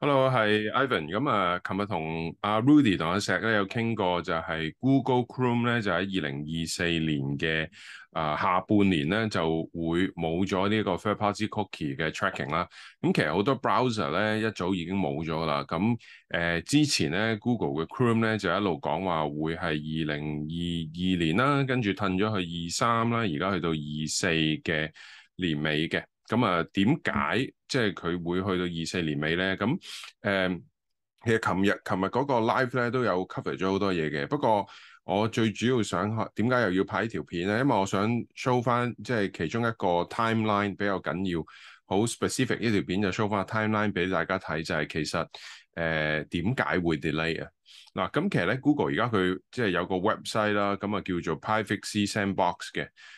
Hello，我係 Ivan。咁、嗯、啊，琴日同阿 Rudy 同阿石咧有傾過就，就係 Google Chrome 咧就喺二零二四年嘅啊、呃、下半年咧就會冇咗呢個 Third Party Cookie 嘅 Tracking 啦。咁、嗯、其實好多 Browser 咧一早已經冇咗啦。咁誒、呃，之前咧 Google 嘅 Chrome 咧就一路講話會係二零二二年啦，跟住褪咗去二三啦，而家去到二四嘅年尾嘅。咁啊，點解即係佢會去到二四年尾咧？咁誒、呃，其實琴日琴日嗰個 live 咧都有 cover 咗好多嘢嘅。不過我最主要想點解又要拍條呢條片咧？因為我想 show 翻即係其中一個 timeline 比較緊要，好 specific 呢條片就 show 翻個 timeline 俾大家睇，就係、是、其實誒點解會 delay 啊？嗱，咁其實咧 Google 而家佢即係有個 website 啦，咁啊叫做 Privacy Sandbox 嘅。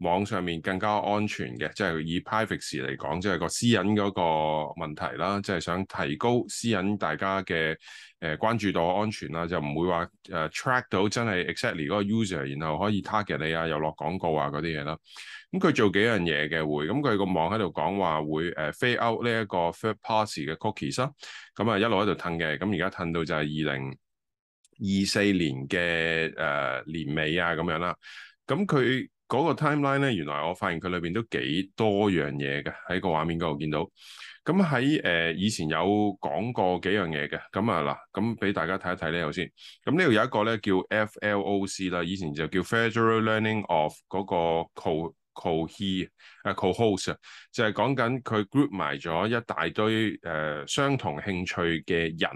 網上面更加安全嘅，即係以 Privacy 嚟講，即係個私隱嗰個問題啦，即係想提高私隱，大家嘅誒關注度安全啦，就唔會話誒 track 到真係 exactly 嗰個 user，然後可以 target 你啊，又落廣告啊嗰啲嘢啦。咁佢做幾樣嘢嘅會，咁佢個網喺度講話會誒 fail out 呢一個 third party 嘅 cookies 啦。咁啊一路喺度褪嘅，咁而家褪到就係二零二四年嘅誒年尾啊咁樣啦，咁佢。嗰個 timeline 咧，原來我發現佢裏邊都幾多樣嘢嘅，喺個畫面嗰度見到。咁喺誒以前有講過幾樣嘢嘅，咁啊嗱，咁俾大家睇一睇呢度先。咁呢度有一個咧叫 FLOC 啦，以前就叫 Federal Learning of 嗰個 Co-Cohe 誒 Co-host 啊，Co host，就係講緊佢 group 埋咗一大堆誒、呃、相同興趣嘅人。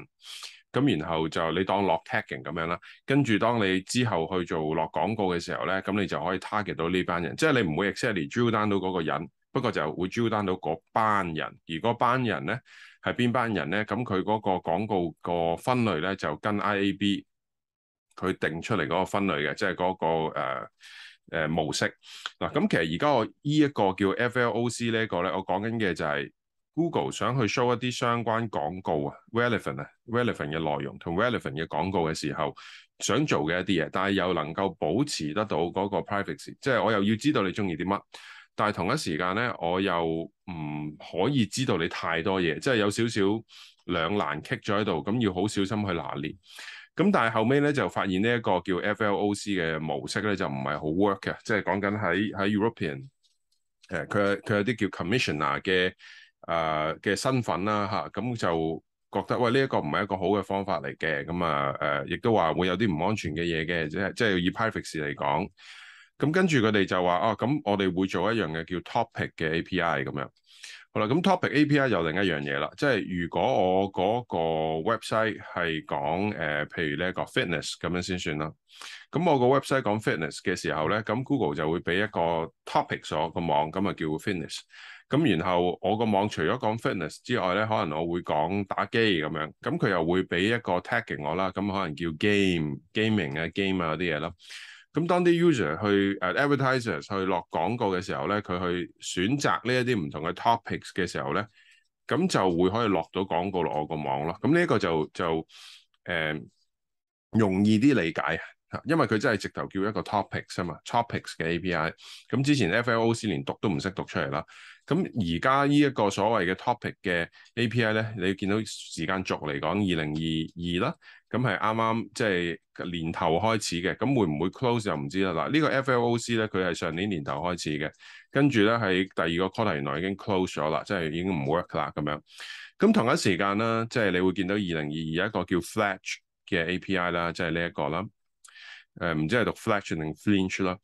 咁然後就你當落 targeting 咁樣啦，跟住當你之後去做落廣告嘅時候咧，咁你就可以 target 到呢班人，即係你唔會 exactly drill down 到嗰個人，不過就會 drill down 到嗰班人。而嗰班人咧係邊班人咧？咁佢嗰個廣告個分類咧就跟 IAB 佢定出嚟嗰個分類嘅，即係嗰個誒、呃呃、模式。嗱，咁其實而家我依一個叫 FLOC 呢一個咧，我講緊嘅就係、是。Google 想去 show 一啲相關廣告啊，relevant 啊，relevant 嘅內容同 relevant 嘅廣告嘅時候，想做嘅一啲嘢，但係又能夠保持得到嗰個 privacy，即係我又要知道你中意啲乜，但係同一時間咧，我又唔可以知道你太多嘢，即係有少少兩難卡咗喺度，咁要好小心去拿捏。咁但係後尾咧就發現呢一個叫 FLOC 嘅模式咧就唔係好 work 嘅，即係講緊喺喺 European 誒，佢佢、呃、有啲叫 Commissioner 嘅。誒嘅、uh, 身份啦吓，咁、啊嗯、就覺得喂呢一、這個唔係一個好嘅方法嚟嘅，咁啊誒，亦、呃、都話會有啲唔安全嘅嘢嘅，即係即係以 private 嘅事嚟講，咁、嗯、跟住佢哋就話哦，咁、啊嗯、我哋會做一樣嘅叫 topic 嘅 API 咁樣。好啦，咁 topic API 又另一樣嘢啦，即係如果我嗰個 website 係講誒，譬如呢一個 fitness 咁樣先算啦。咁我個 website 講 fitness 嘅時候咧，咁 Google 就會俾一個 topics 我個網咁啊，叫 fitness。咁然後我個網除咗講 fitness 之外咧，可能我會講打機咁樣，咁佢又會俾一個 tagging 我啦，咁可能叫 game、gaming 啊、game 啊嗰啲嘢咯。咁當啲 user 去誒、uh, advertisers 去落廣告嘅時候咧，佢去選擇呢一啲唔同嘅 topics 嘅時候咧，咁就會可以落到廣告落我個網咯。咁呢一個就就誒、呃、容易啲理解。因為佢真係直頭叫一個 topics 啊嘛，topics 嘅 A P I。咁之前 F L O C 連讀都唔識讀出嚟啦。咁而家呢一個所謂嘅 topic 嘅 A P I 咧，你要見到時間軸嚟講，二零二二啦，咁係啱啱即係年頭開始嘅。咁會唔會 close 就唔知啦。嗱，呢個 F L O C 咧，佢係上年年頭開始嘅，跟住咧喺第二個 quarter 原來已經 close 咗啦，即係已經唔 work 啦咁樣。咁同一時間啦，即係你會見到二零二二一個叫 Flash 嘅 A P I 啦，即係呢一個啦。誒唔、呃、知係讀 flash 定 flinch 啦，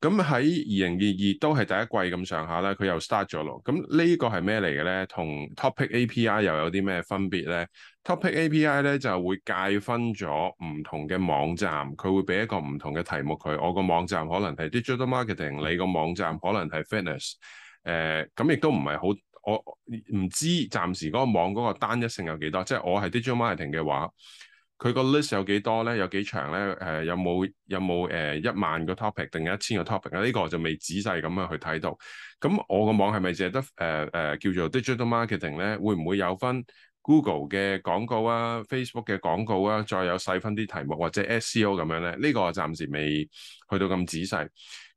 咁喺二零二二都係第一季咁上下啦，佢又 start 咗咯。咁、嗯這個、呢個係咩嚟嘅咧？同 topic API 又有啲咩分別咧？topic API 咧就會界分咗唔同嘅網站，佢會俾一個唔同嘅題目佢。我個網站可能係 digital marketing，你個網站可能係 fitness、呃。誒咁亦都唔係好，我唔知暫時嗰個網嗰個單一性有幾多。即係我係 digital marketing 嘅話。佢個 list 有幾多咧？有幾長咧？誒、呃、有冇有冇誒、呃、一萬個 topic 定一千個 topic 啊？呢個我就未仔細咁樣去睇到。咁我個網係咪淨係得誒誒、呃呃、叫做 digital marketing 咧？會唔會有分 Google 嘅廣告啊、Facebook 嘅廣告啊，再有細分啲題目或者 SEO 咁樣咧？呢、這個我暫時未去到咁仔細。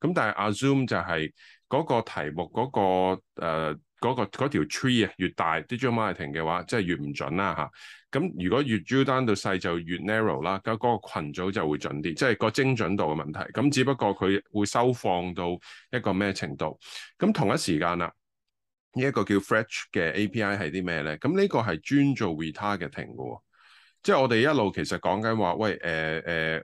咁但係 I assume 就係嗰個題目嗰、那個誒嗰、呃那個、條 tree 啊，越大 digital marketing 嘅話，即係越唔準啦嚇。咁如果越 draw 單到細就越 narrow 啦，咁、那、嗰個羣組就會準啲，即係個精準度嘅問題。咁只不過佢會收放到一個咩程度？咁同一時間啦，呢、這、一個叫 Fresh 嘅 API 係啲咩咧？咁呢個係專做 retargeting 嘅、哦、即係我哋一路其實講緊話，喂誒誒。呃呃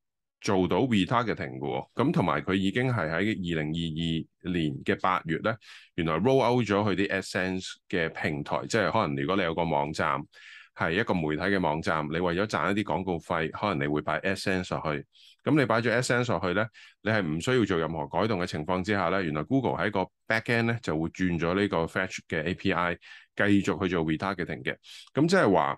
做到 retargeting 嘅喎，咁同埋佢已經係喺二零二二年嘅八月咧，原來 roll out 咗佢啲 AdSense 嘅平台，即係可能如果你有個網站係一個媒體嘅網站，你為咗賺一啲廣告費，可能你會擺 AdSense 上去。咁你擺咗 AdSense 上去咧，你係唔需要做任何改動嘅情況之下咧，原來 Google 喺個 back end 咧就會轉咗呢個 fetch 嘅 API 繼續去做 retargeting 嘅。咁即係話，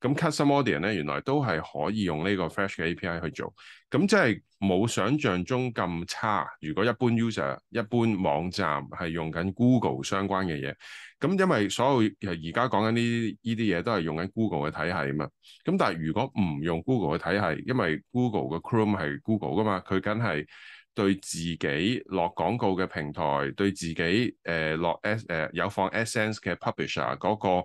咁 custom audience 咧，原來都係可以用呢個 Flash 嘅 API 去做，咁即係冇想象中咁差。如果一般 user、一般網站係用緊 Google 相關嘅嘢，咁因為所有而家講緊呢呢啲嘢都係用緊 Google 嘅體系啊嘛。咁但係如果唔用 Google 嘅體系，因為 Google 嘅 Chrome 係 Google 㗎嘛，佢梗係對自己落廣告嘅平台，對自己誒落 S 誒有放 adsense 嘅 publisher 嗰、那個。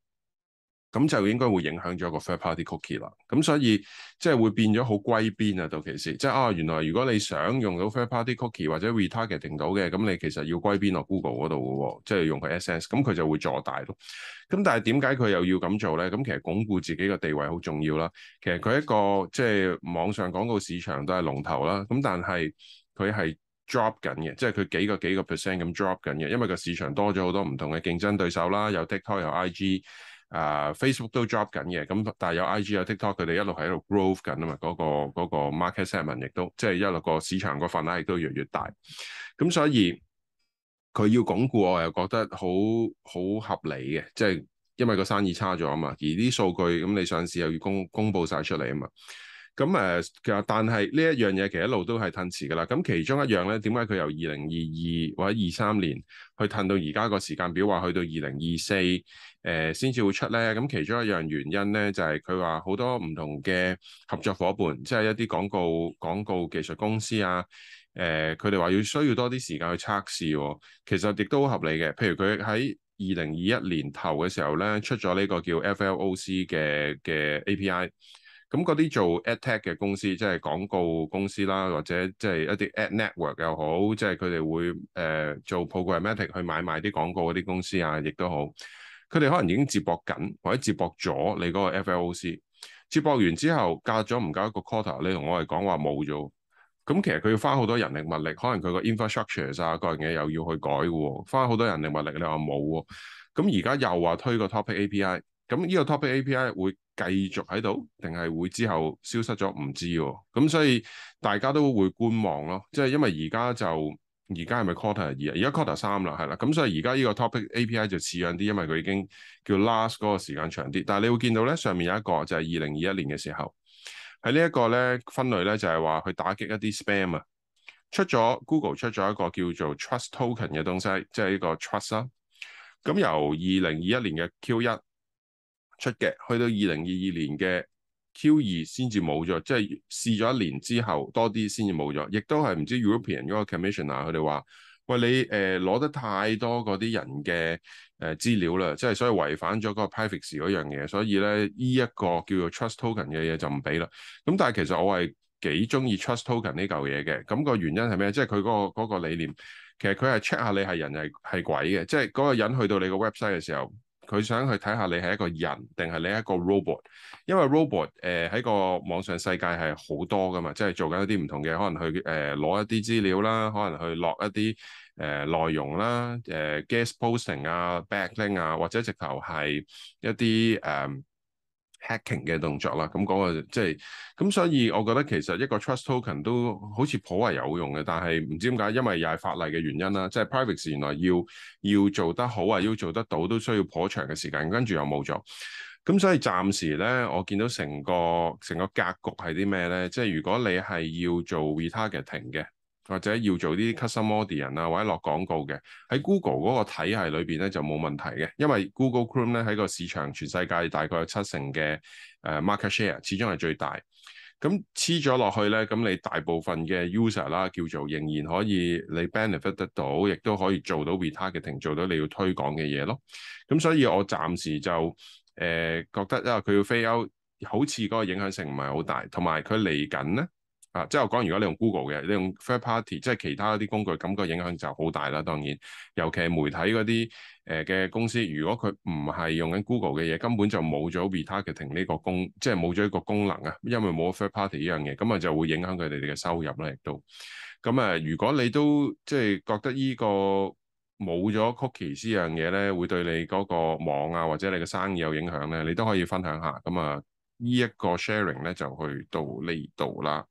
咁就應該會影響咗個 third party cookie 啦，咁所以即係會變咗好歸邊啊！尤其是即係啊，原來如果你想用到 third party cookie 或者 retargeting 到嘅，咁你其實要歸邊落 Google 嗰度嘅喎、哦，即係用佢 SS，咁佢就會坐大咯。咁但係點解佢又要咁做咧？咁其實鞏固自己嘅地位好重要啦。其實佢一個即係網上廣告市場都係龍頭啦。咁但係佢係 drop 緊嘅，即係佢幾個幾個 percent 咁 drop 緊嘅，因為個市場多咗好多唔同嘅競爭對手啦，有 TikTok 有 IG，啊、uh，Facebook 都 drop 緊嘅，咁但係有 IG 有 TikTok，佢哋一路喺度 growth 緊啊嘛，嗰、那個那個 market share 亦都即係一路個市場個份額亦都越嚟越大，咁所以佢要鞏固我，我又覺得好好合理嘅，即係因為個生意差咗啊嘛，而啲數據咁你上市又要公公布曬出嚟啊嘛。咁誒，其實但係呢一樣嘢其實一路都係褪遲㗎啦。咁其中一樣咧，點解佢由二零二二或者二三年去褪到而家個時間表話去到二零二四誒先至會出咧？咁其中一樣原因咧就係佢話好多唔同嘅合作伙伴，即係一啲廣告廣告技術公司啊，誒佢哋話要需要多啲時間去測試，哦。其實亦都好合理嘅。譬如佢喺二零二一年頭嘅時候咧，出咗呢個叫 FLOC 嘅嘅 API。咁嗰啲做 ad tech 嘅公司，即係廣告公司啦，或者即係一啲 ad network 又好，即係佢哋會誒、呃、做 programmatic 去買賣啲廣告嗰啲公司啊，亦都好。佢哋可能已經接駁緊，或者接駁咗你嗰個 FLoC。接駁完之後，隔咗唔夠一個 quarter，你同我哋講話冇咗。咁其實佢要花好多人力物力，可能佢個 infrastructure 啊，各樣嘢又要去改嘅喎。花好多人力物力，你話冇喎。咁而家又話推個 topic API。咁呢個 topic API 會繼續喺度，定係會之後消失咗？唔知喎。咁所以大家都會觀望咯。即係因為而家就而家係咪 quarter 二啊？而家 quarter 三啦，係啦。咁所以而家呢個 topic API 就似樣啲，因為佢已經叫 last 嗰個時間長啲。但係你會見到咧，上面有一個就係二零二一年嘅時候喺呢一個咧分類咧，就係話去打擊一啲 spam 啊。出咗 Google 出咗一個叫做 Trust Token 嘅東西，即係呢個 trust 啦。咁由二零二一年嘅 Q 一。出嘅去到二零二二年嘅 Q2 先至冇咗，即係試咗一年之後多啲先至冇咗，亦都係唔知 European 嗰個 Commission 啊、er，佢哋話：喂，你誒攞、呃、得太多嗰啲人嘅誒資料啦，即係所以違反咗嗰個 privacy 嗰樣嘢，所以咧呢一、這個叫做 trust token 嘅嘢就唔俾啦。咁但係其實我係幾中意 trust token 呢嚿嘢嘅，咁、那個原因係咩？即係佢嗰個理念，其實佢係 check 下你係人係係鬼嘅，即係嗰個人去到你個 website 嘅時候。佢想去睇下你係一個人定係你一個 robot，因為 robot 誒、呃、喺個網上世界係好多噶嘛，即係做緊一啲唔同嘅可能去誒攞、呃、一啲資料啦，可能去落一啲誒內容啦，誒、呃、guest posting 啊、backlink 啊，或者直頭係一啲誒。呃 hacking 嘅動作啦，咁嗰個，即係咁，所以我覺得其實一個 trust token 都好似頗為有用嘅，但係唔知點解，因為又係法例嘅原因啦，即係 privacy 原來要要做得好啊，要做得到都需要頗長嘅時間，跟住又冇咗，咁所以暫時咧，我見到成個成個格局係啲咩咧？即係如果你係要做 retargeting 嘅。或者要做啲 custom audience 啊，或者落廣告嘅喺 Google 嗰個體系裏邊咧，就冇問題嘅，因為 Google Chrome 咧喺個市場全世界大概有七成嘅誒 market share，始終係最大。咁黐咗落去咧，咁你大部分嘅 user 啦，叫做仍然可以你 benefit 得到，亦都可以做到 retargeting，做到你要推廣嘅嘢咯。咁所以我暫時就誒、呃、覺得因為佢要 fade out，好似嗰個影響性唔係好大，同埋佢嚟緊咧。啊，即係我講，如果你用 Google 嘅，你用 third party，即係其他啲工具，感覺影響就好大啦。當然，尤其係媒體嗰啲誒嘅公司，如果佢唔係用緊 Google 嘅嘢，根本就冇咗 retargeting 呢個功，即係冇咗一個功能啊，因為冇 third party 呢樣嘢，咁啊就會影響佢哋哋嘅收入啦，亦都。咁啊，如果你都即係覺得、這個、呢個冇咗 cookie 呢樣嘢咧，會對你嗰個網啊或者你嘅生意有影響咧，你都可以分享下。咁啊，這個、呢一個 sharing 咧就去到呢度啦。